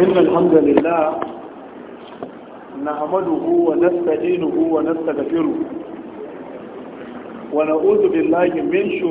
إن الحمد لله نحمده ونستعينه ونستغفره ونعوذ بالله من شرور